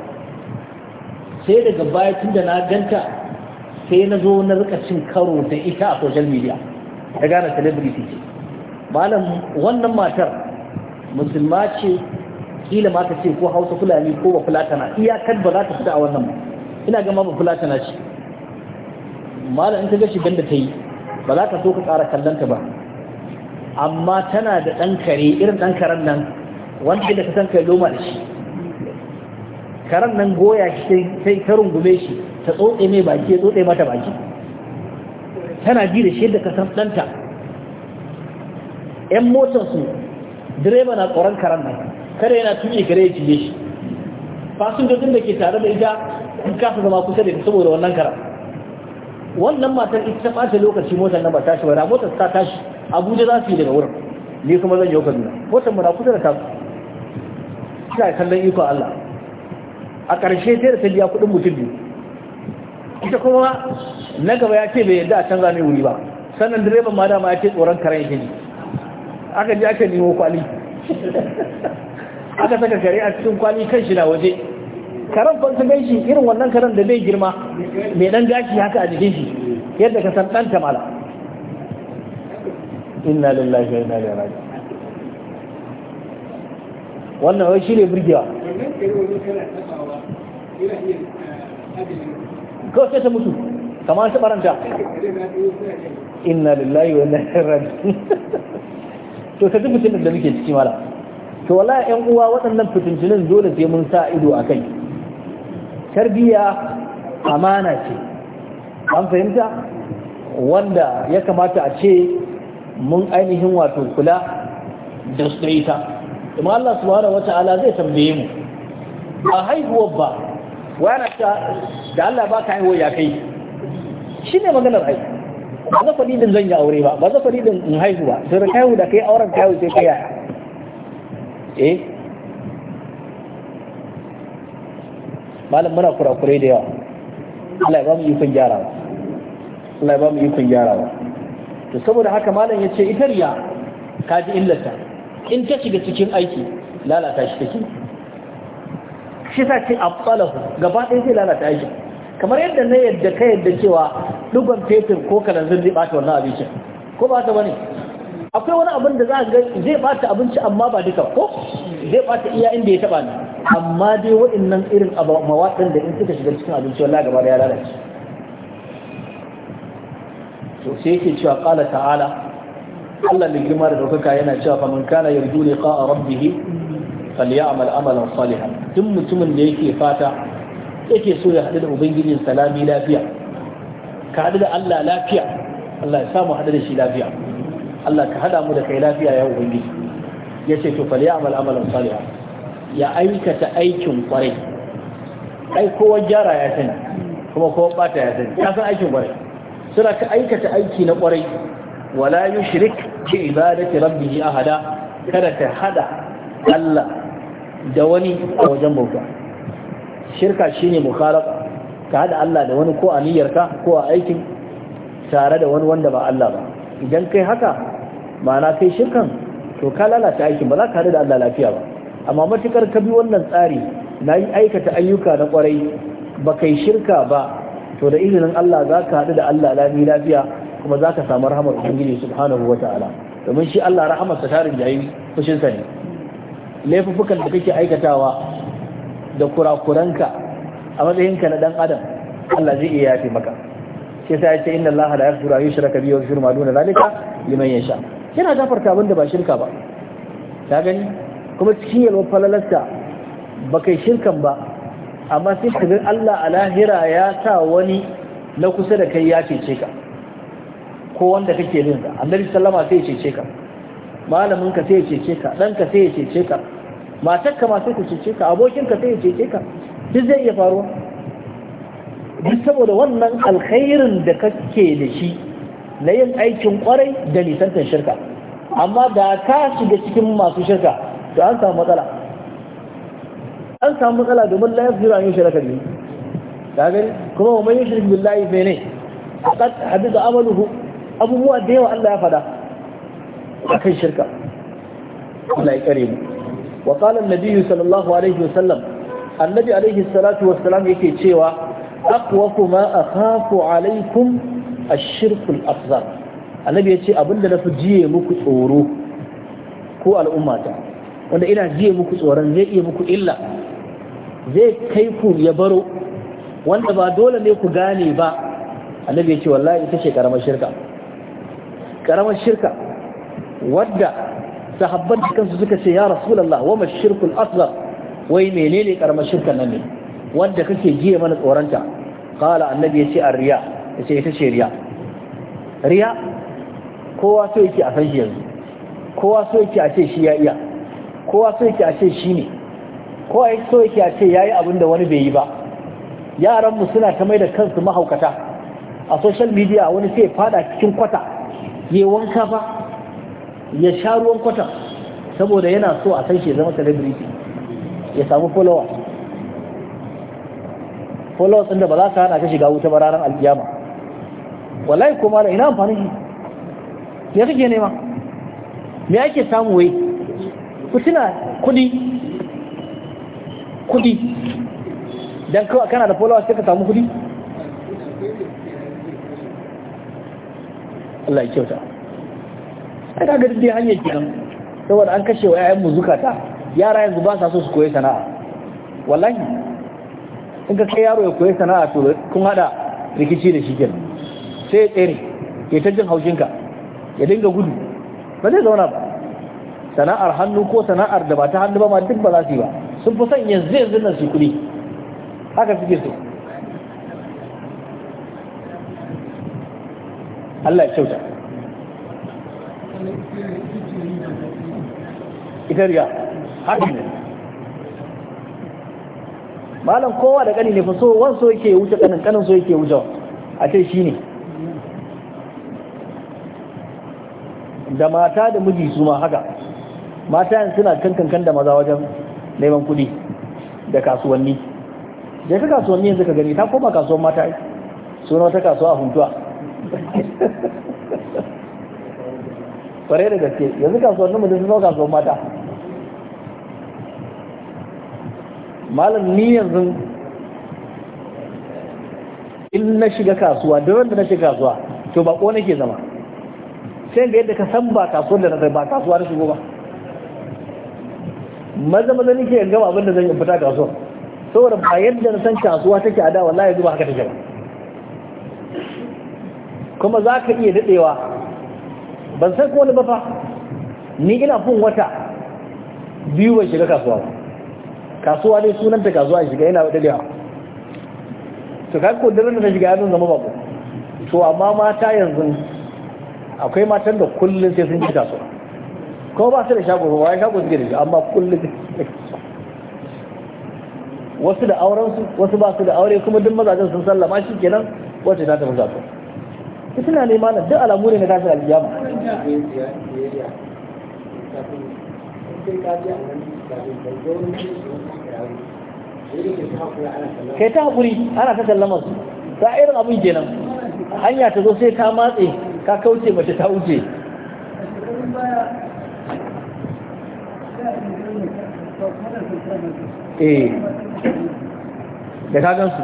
sai daga baya tun da na ganta sai na zo na rika cin karo da ita a social media ta gane celebrity ce malam wannan matar musulma ce kila ma ta ce ko hausa fulani ko ba fulatana iyakar ba za ta fita a wannan ina gama ba fulatana ce malam in ka ga shigan da ta yi ba za ka so ka ƙara kallonta ba amma tana da ɗan kare irin ɗan karen nan wanda da ka san kai loma da shi karen nan goya shi sai ta rungume shi ta tsotse mai baki ya tsotse mata baki tana ji da shi yadda ka san ɗanta motar su direba na tsoron karen nan kare yana tuni kare ya cije shi fasinjojin da ke tare da ita in kasa zama kusa da ita saboda wannan karen wannan matar ita ta ɓata lokaci motar na ba tashi ba motar ta tashi abuja za su yi daga wurin ni kuma zan yi wa kaduna motar mara kusa da tasu ina kallon ikon allah a ƙarshe sai da ta biya kuɗin mutum biyu ita kuma na gaba ya ce bai yadda a canza mai wuri ba sannan direban ma dama ya ce tsoron karen yake ne aka ji aka nemo kwali aka saka kare a cikin kwali kan shi na waje karan fa ta gaishe irin wannan karan da zai girma mai dan gashi haka a jikin shi yadda ka san dan tamala inna lillahi wa inna ilaihi raji wannan wai shi ne burgewa kawai sai ta mutu kamar ta baranta inna lillahi wa inna ilaihi raji to ka ji da muke ciki mala to wala ƴan uwa waɗannan fitintinin dole sai mun sa ido a kai tarbiya amana ce an fahimta wanda ya kamata a ce mun ainihin wato kula da su ita kuma Allah subhanahu wata'ala zai tambaye mu a haihuwar ba wayana ta da Allah ba ka haihuwa ya kai shi ne maganar haihu ba za fa fadidin zan yi aure ba ba za fa fadidin in haihu ba sai ka haihu da kai auren kai sai ka yaya eh malam muna kurakurai da yawa Allah ya ba mu ikon gyarawa Allah ya ba mu ikon gyarawa to saboda haka malam ya ce ita riya ka ji illata in ta shiga cikin aiki lalata shi take shi sa ce absalahu gaba ɗaya sai lalata aiki kamar yadda na yadda ka yadda cewa dugon fetur ko kalanzin zai ɓata wannan abincin ko ba ta bane akwai wani abin da za ga zai bata abinci amma ba duka ko zai bata iya inda ya taba ni amma dai waɗannan irin mawaɗin da in suka shiga cikin abinci wallahi gaba da ya lalace to sai yake cewa qala ta'ala Allah mai girma da daukaka yana cewa fa man kana yarju liqa'a rabbihi falyamal amalan salihan duk mutumin da yake fata yake so ya hadu da ubangijin salami lafiya ka haɗu da Allah lafiya Allah ya samu haɗu da shi lafiya Allah ka hada mu da kai lafiya ya ya ce to fal ya'mal amalan salih ya aikata aikin kwarai ai kowa gyara ya sani kuma kowa bata ya sani ya san aikin kwarai suna ka aikata aiki na kwarai wala yushrik bi ibadati rabbihi ahada kada ka hada Allah da wani a wajen bauta shirka shine mukhalafa ka hada Allah da wani ko a niyyarka ko a aikin tare da wani wanda ba Allah ba idan kai haka ma'ana kai shirkan to ka lalata aikin ba za ka da Allah lafiya ba amma matukar ka bi wannan tsari na yi aikata ayyuka na kwarai ba kai shirka ba to da izinin Allah za ka haɗu da Allah lafiya kuma za ka samu rahamar Ubangiji subhanahu wa ta'ala domin shi Allah rahamar sa tarin jayi fushin ne laifuffukan da kake aikatawa da kurakuranka a matsayinka na dan adam Allah zai iya yafe maka sai ya ce inna Allah la yaghfiru an yushraka bihi wa yaghfiru ma duna zalika liman sha. yana gafarta abin da ba shirka ba ta gani kuma cikin yalwar falalasta ba kai shirkan ba amma sai shirin Allah a lahira ya sa wani na kusa da kai ya cece ka ko wanda kake bin ka annabi sallama sai ya cece ka malamin ka sai ya cece ka dan ka sai ya cece ka matar ka ma sai ku cece ka abokin ka sai ya cece ka duk zai iya faruwa duk saboda wannan alkhairin da kake da shi na yin aikin kwarai da nisantar shirka amma da ka shiga cikin masu shirka to an samu matsala an samu matsala domin la yafiru an yi shirka bihi ka gani kuma wa man yushrik billahi fa ne faqad habida amaluhu abubuwa da yawa Allah ya fada kan shirka Allah ya kare mu wa qala an-nabi sallallahu alaihi wasallam annabi alaihi salatu wa salam yake cewa aqwa ma akhafu alaikum A shirkul afzar annabi ya ce abinda na fi jiye muku tsoro ko al'ummata wanda ina jiye muku tsoron zai iya muku illa zai kai ku ya baro wanda ba dole ne ku gane ba annabi ya ce wallahi ita ce karamar shirka karamar shirka wadda sahabban kansu suka ce ya rasulallah wa mashirkul asghar wai menene karamar shirka nan ne wanda kake jiye mana tsoranta qala annabi ya ce riya. yace ce ita ce riya riya kowa so yake a san shi yanzu kowa so yake a ce shi ya iya kowa so yake a ce shi ne kowa so yake a ce ya yi abin da wani bai yi ba yaranmu suna ta mai da kansu mahaukata a social media wani sai fada cikin kwata ya wanka ba ya sha ruwan kwata saboda yana so a san shi zama celebrity ya samu followers followers ɗin da ba za su hana ka shiga wuta ba alkiyama wallahi ko malam ina amfani shi me kike nema me yake samu wai ku tuna kudi kudi dan kawai kana da followers sai ka samu kudi Allah ya kyauta sai ka ga dai hanyar kenan saboda an kashe wa 'ya'yan mu zukata yara yanzu ba sa so su koyi sana'a wallahi in ka kai yaro ya koyi sana'a to kun hada rikici da shi kenan sai tsere ke ta jin haushinka ya dinga gudu ba zai zauna ba sana'ar hannu ko sana'ar da ba ta hannu ba ma duk ba za su yi ba sun fi son yanzu yanzu nan su kuɗi haka suke so Allah ya kyauta ita riya haka ne malam kowa da ƙani ne fa so so yake wuce ƙanin ƙanin so yake wuce a ce shi ne da mata da miji su ma haka mata yan suna kankan da maza wajen neman kuɗi da kasuwanni da ka kasuwanni yanzu ka gani ta koma kasuwan mata ai suna wata kasuwa a huntuwa kware da gaske yanzu kasuwannin mutum sun sauka kasuwan mata malam ni yanzu in na shiga kasuwa duk da na shiga kasuwa to bako nake zama sai ga yadda ka san ba kasuwar da na ba kasuwa na shigo ba maza maza nike yin gama abin da zan yi fita kasuwa saboda ba yadda na san kasuwa take a da wallahi yanzu ba haka take ba kuma za ka iya daɗewa ban san wani ba fa ni ina fun wata biyu ban shiga kasuwa ba kasuwa ne sunanta kasuwa shiga yana daɗewa to kai ko da na shiga yanzu zama ba to amma mata yanzu akwai matan da kullum sai sun ci kasuwa ko ba su da shago ba wai shago suke da shi amma kullum wasu da auren su wasu ba su da aure kuma duk mazajen sun sallama shi kenan wacce ta tafi zato ki tuna ne malam duk alamu ne na tashin alkiyama kai ta haƙuri ana ta sallama su ta irin abin kenan hanya ta zo sai ta matse ka kauce mace ta wuce eh da ka gansu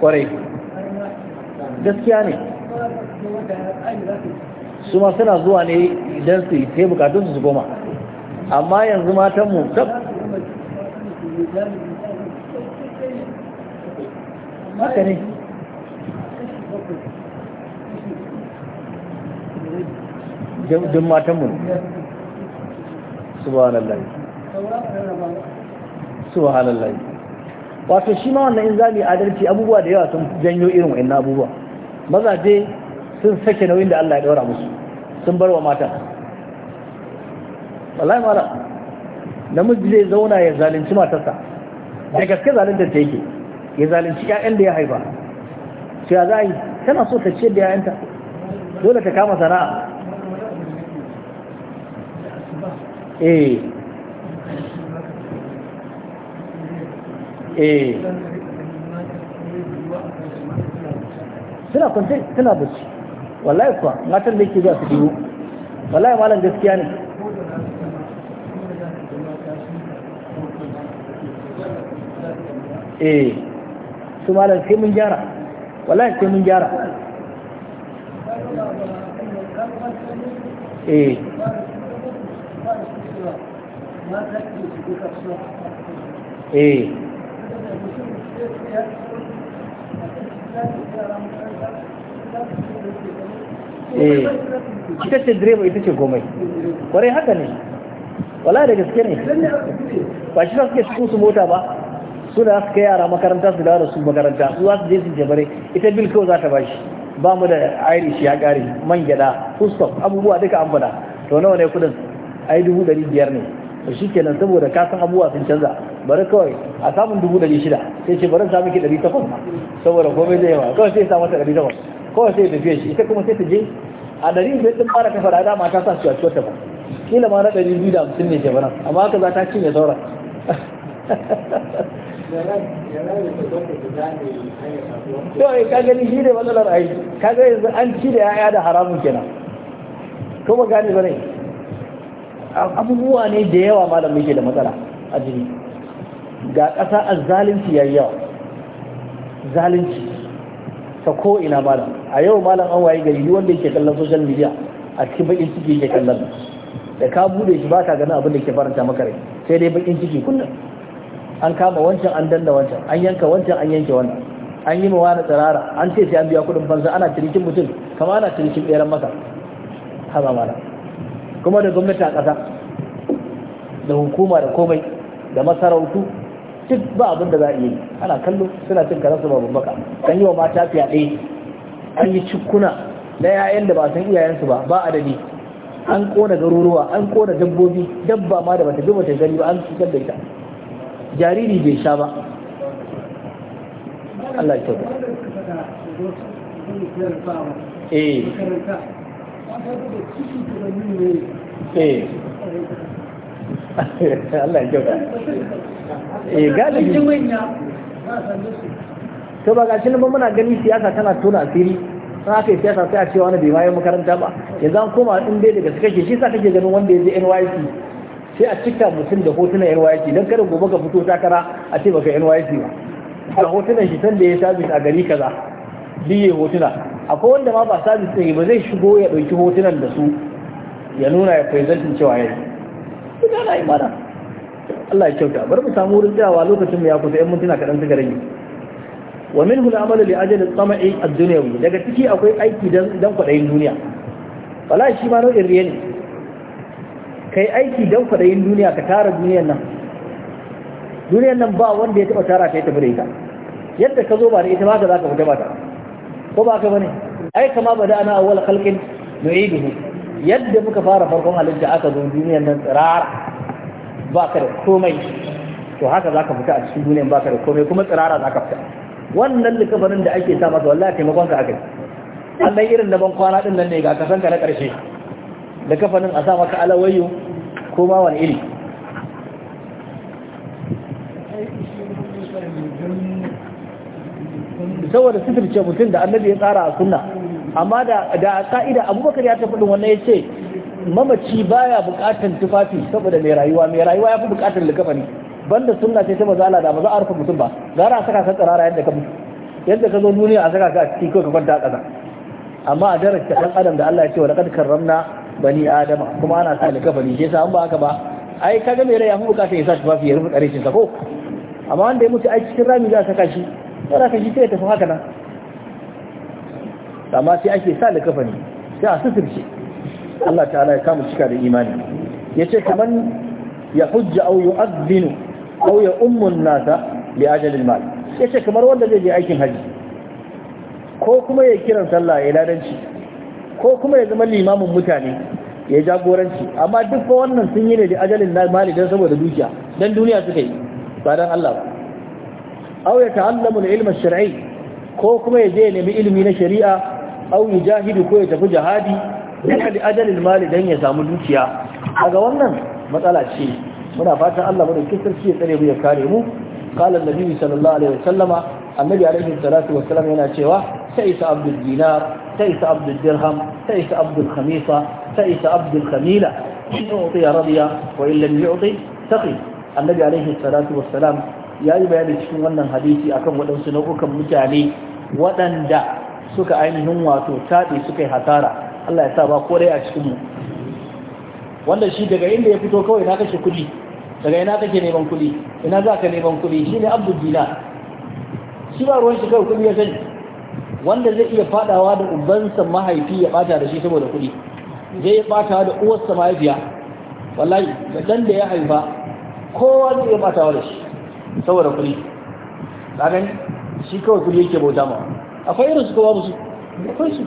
kwarai gaskiya ne su ma suna zuwa ne idan su yi sai bukatunsu su goma amma yanzu matanmu tab haka ne don matanmu ne ba subhanallah wato shi ma wannan in zami adalci abubuwa da yawa sun janyo irin wa'in abubuwa mazaje sun sake nauyin da Allah ya daura musu sun bar wa mata wallahi mara namiji zai zauna ya zalunci matarsa da gaske zalunta ta yake ya zalunci ƴaƴan da ya haifa ya za yi tana so ta ce da ƴaƴanta dole ta kama sana'a eh eh suna kwanci suna bacci wallahi kuwa matan da yake zuwa su biyu wallahi malam gaskiya ne eh su malam sai mun gyara wallahi sai mun gyara eh eh eh ita ce direba ita ce komai kwarai haka ne wala da gaske ne ba shi suke cikin su mota ba su da suka yara makaranta su dawo da su makaranta su za su je su jabare ita bil kawai za ta bashi ba mu da irish ya kare man gyada fustof abubuwa duka an bada to nawa ne kudin ai dubu ɗari biyar ne ke nan saboda ka san abubuwa sun canza bari kawai a samun dubu ɗari shida sai ce bari samun ki ɗari takwas saboda komai zai yawa kawai sai samun ta ɗari takwas kawai sai tafiye shi ita kuma sai ta je a ɗari biyar ɗin fara kafa da ma ta sa su a cikin ta ba kila ma na ɗari biyu da hamsin ne ke bana amma haka za ta cinye sauran yawai ka gani shi ne matsalar aiki ka gani an ci da ya'ya da haramun kenan kuma gane ba ne abubuwa ne da yawa malam muke da matsala a jini ga ƙasa a zalunci ya yawa zalunci ta ko ina malam a yau malam an waye gari wanda yake kallon social media a cikin bakin ciki yake kallon da ka bude shi ba ka ganin abin da ke faranta maka rai sai dai bakin ciki kullum an kama wancan an danna wancan an yanka wancan an yanke wannan an yi mawa na tsirara an ce sai an biya kuɗin fansa ana cinikin mutum kama ana cinikin ɗeran masa haza malam kuma da gwamnati a ƙasa da hukuma da komai da masarautu duk ba abin da za a yi ana kallo suna cin karansu ba babbaka an yi wa mata fyaɗe an yi cikuna na 'ya'yan da ba san iyayensu ba ba adadi an kona garuruwa an kona dabbobi dabba ma da bata bi bata gani ba an cutar da ita jariri bai sha ba Allah ya eh Eh. Allah ya eh, galibi to ba ga muna gani siyasa tana tona asiri sun aka yi siyasa sai a cewa wani bai bayan makaranta ba yanzu an koma in dai daga suka ke shi sa kake ganin wanda ya je NYC sai a cika mutum da hotunan NYC don kada gobe ka fito takara a ce baka NYC ba a hotunan shi tanda ya sabis a gari kaza biye hotuna akwai wanda ma ba sabis ɗin ba zai shigo ya ɗauki hotunan da su ya nuna ya presentin cewa ya yi ga na imana Allah ya kyauta bari mu samu wurin jawa lokacin mu ya kusa yan mintuna kaɗan suka rage wa min hula amalu li ajali tsama'i duniya dunyawi daga ciki akwai aiki don kwaɗayin duniya wala shi ma nau'in riya ne kai aiki don kwaɗayin duniya ka tara duniyar nan duniyar nan ba wanda ya taɓa tara ka ya tafi da ita yadda ka zo ba da ita ma ka za ka fita ba ta ko ba ka bane ai kama bada ana awwal khalqin nu'iduhu yadda muka fara farkon halitta aka zo duniyar nan tsirara ba ka da komai to haka za ka fita a cikin duniyar ba ka da komai kuma tsirara za ka fita wannan likafarin da ake sa masa wallahi taimakon ka akai Allah irin da ban kwana din nan ne ga kasan ka na karshe likafarin a sa maka alawayyo ko ma wani iri saboda suturce mutum da annabi ya tsara a suna amma da a ka'ida abubakar ya tafi wannan ya ce mamaci baya bukatan tufafi saboda mai rayuwa mai rayuwa ya fi bukatan likafani banda suna ce ta mazala da ba za a rufe mutum ba gara a saka ka tsirara yadda ka mutu yadda ka zo duniya a saka ka a cikin kawai ka kwanta a ƙasa amma a darasta ɗan adam da Allah ya ce wa laqad karramna bani adama kuma ana sa likafani sai sa an ba haka ba ai kaga mai rai ya fi bukatan ya sa tufafi ya rufe ƙarshen sa ko amma wanda ya mutu ai cikin rami za a saka shi saboda ka shi sai tafi haka nan amma sai ake sa da kafa ne sai a suturce Allah ta'ala ya kama cika da imani ya ce kamar ya hujja au yi au ya ummun nasa li mal ya ce kamar wanda zai je aikin haji ko kuma ya kiran sallah ya ladanci ko kuma ya zama limamin mutane ya jagoranci amma duk wannan sun yi ne da ajalin mali don saboda dukiya don duniya suka yi ba don Allah ba Auye ya ta'allamu al-ilm ash-shar'i ko kuma ya je nemi ilimi na shari'a aw yujahidu ko ya tafi jihadi duka da ajalin mali dan ya samu dukiya kaga wannan matsala ce muna fatan Allah madaukakin sarki ya tsare mu ya kare mu qala an-nabi sallallahu alaihi wasallama annabi alaihi salatu wassalam yana cewa sai sa abdul dinar sai sa abdul dirham sai sa abdul abdul ya yi bayani cikin wannan hadisi akan waɗansu nau'ukan mutane waɗanda suka ainihin wato taɗe suka yi hasara Allah ya sa ba kodai a cikinmu wanda shi daga inda ya fito kawai na kashe kuɗi daga ina kake neman kuɗi ina za ka neman kuɗi shi ne abdul dina shi ba ruwan shi kawai kuɗi ya sani wanda zai iya fadawa da ubansa mahaifi ya bata da shi saboda kuɗi zai iya batawa da uwarsa mahaifiya wallahi da dan da ya haifa kowa zai iya batawa da shi saboda kuɗi kagan shi kawai kuɗi yake bauta ma akwai irin su kowa musu su akwai su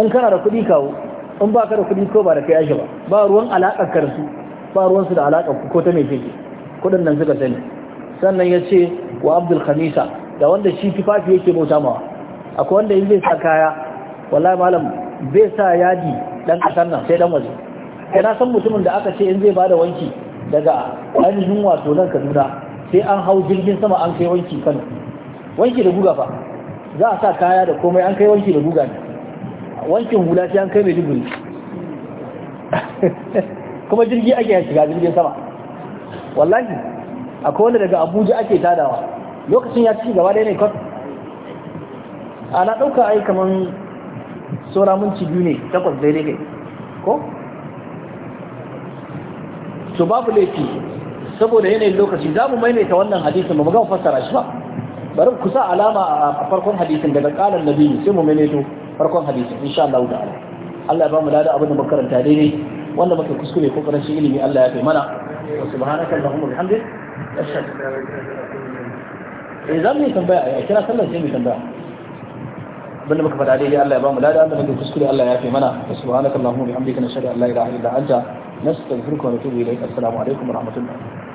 in kana da kuɗi kawo in ba ka da kuɗi ko ba da kai ake ba ba ruwan alaƙar karsu ba ruwan su da alaƙar ko ta mai fiki kuɗin nan suka sani sannan ya ce wa abdul khamisa da wanda shi tufafi yake bauta ma akwai wanda in zai sa kaya wallahi malam bai sa yadi dan kasar nan sai dan waje Yana san mutumin da aka ce in zai bada wanki daga ainihin wato nan kaduna sai an hau jirgin sama an kai wanki kan, wanki da guga fa za a sa kaya da komai an kai wanki da guga ne wankin hula sai an kai mai duburi kuma jirgi ake shiga jirgin sama wallahi akwai wanda daga abuja ake tadawa lokacin ya ci gaba da ne kwat ana ɗauka ai kamar saura minci biyu ne takwas ne kai ko to babu laifi saboda yanayin lokaci za mu maimaita wannan hadisin ba mu gama fassara shi ba bari ku sa alama a farkon hadisin daga kalan nabi sai mu maimaito farkon hadisin insha Allah ta'ala Allah ya ba mu da abin da muka karanta daidai wanda muka kuskure ko karanci ilimi Allah ya kai mana subhanaka allahumma bihamdik ashhadu an la ilaha illa anta astaghfiruka wa atubu ilayk idan yi tambaya kira sallan sai mu tambaya abin da muka faɗa daidai Allah ya ba mu abin da muka kuskure Allah ya kai mana subhanaka allahumma bihamdika ashhadu an la ilaha illa anta نستغفرك ونتوب إليك السلام عليكم ورحمة الله